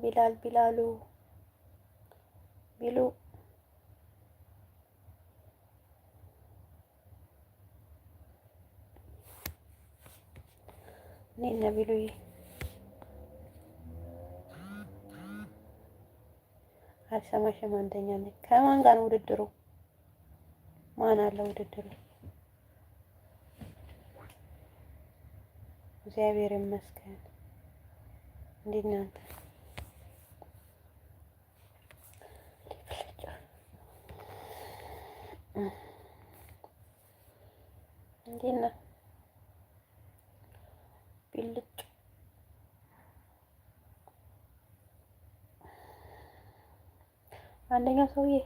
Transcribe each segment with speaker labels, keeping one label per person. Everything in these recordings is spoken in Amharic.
Speaker 1: ቢላል ቢላሉ ቢሉ እኔና ቢሉዬ አልሰማሽም። አንደኛ ነኝ። ከማን ጋር ነው ውድድሩ? ማን አለ ውድድሩ? እግዚአብሔር ይመስገን። እንዴት ናንተ እንዴት ነው? ብልጭ አንደኛው ሰውዬ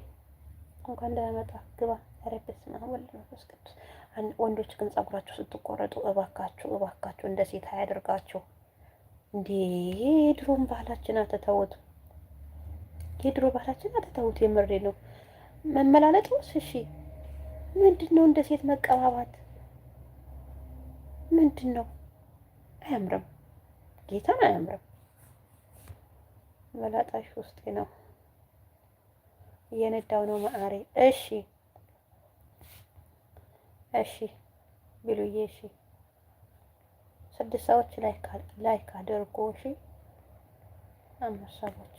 Speaker 1: እንኳን እንዳያመጣ ግባ። ኧረ በስመ አብ ወወልድ ወመንፈስ ቅዱስ። ወንዶች ግን ጸጉራችሁ ስትቆረጡ እባካችሁ እባካችሁ እንደ ሴት አያደርጋችሁ። እንዴ የድሮን ባህላችን አትተውት፣ የድሮ ባህላችን አትተውት። የምሬ ነው። መመላለጥ ውስጥ እሺ፣ ምንድን ነው እንደ ሴት መቀባባት ምንድን ነው? አያምርም፣ ጌታን አያምርም። መላጣሽ ውስጤ ነው እየነዳው ነው ማዕሬ። እሺ፣ እሺ ቢሉዬ፣ እሺ ስድስት ሰዎች ላይክ አድርጎ እሺ አምስት ሰዎች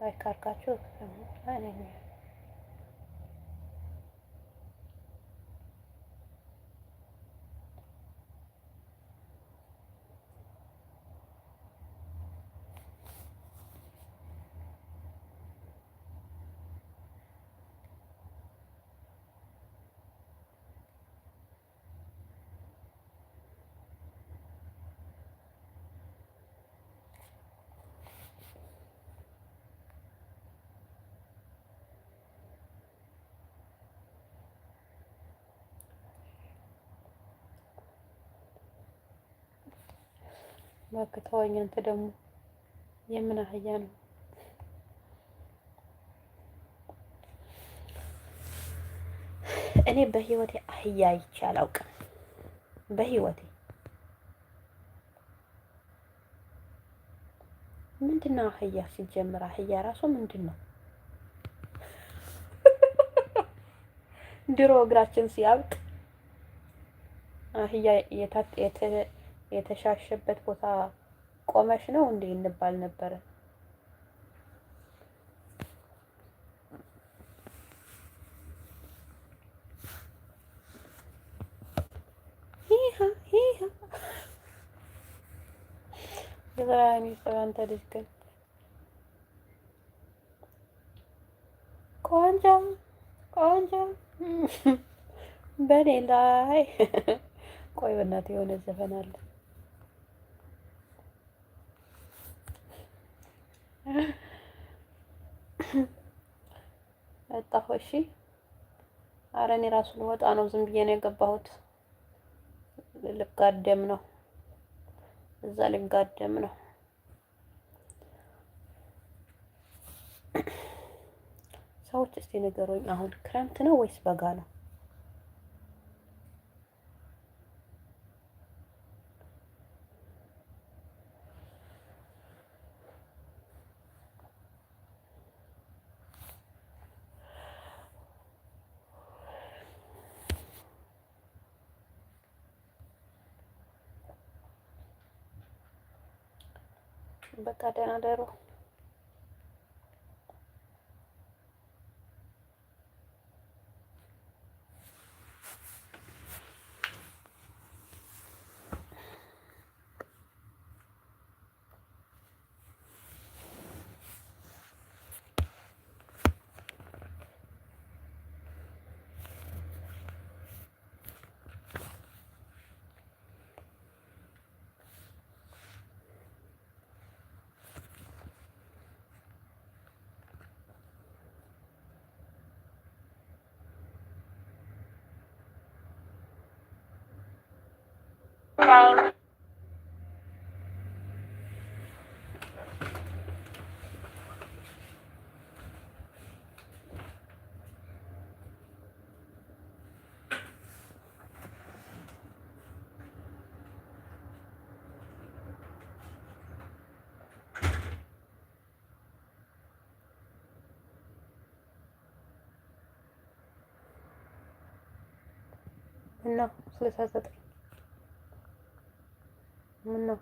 Speaker 1: ላይክ አድርጋችሁ እባክህ ተወኝ። አንተ ደግሞ የምን አህያ ነው? እኔ በህይወቴ አህያ አይቼ አላውቅም። በህይወቴ ምንድን ነው አህያ ሲጀምር፣ አህያ ራሱ ምንድን ነው? ድሮ እግራችን ሲያብጥ አህያ የተሻሸበት ቦታ ቆመሽ ነው እንዴ እንባል ነበረ። አንተ ልጅ ግን ቆንጆ ቆንጆ በኔ ላይ ቆይ፣ በእናትህ የሆነ ዘፈን አለ መጣሁ። እሺ። አረ እኔ ራሱ ልወጣ ነው። ዝም ብዬ ነው የገባሁት። ልጋደም ነው እዛ ልጋደም ነው። ሰዎች እስቲ ንገሩኝ፣ አሁን ክረምት ነው ወይስ በጋ ነው? በቃ ደህና ደሩ። No, so 真的。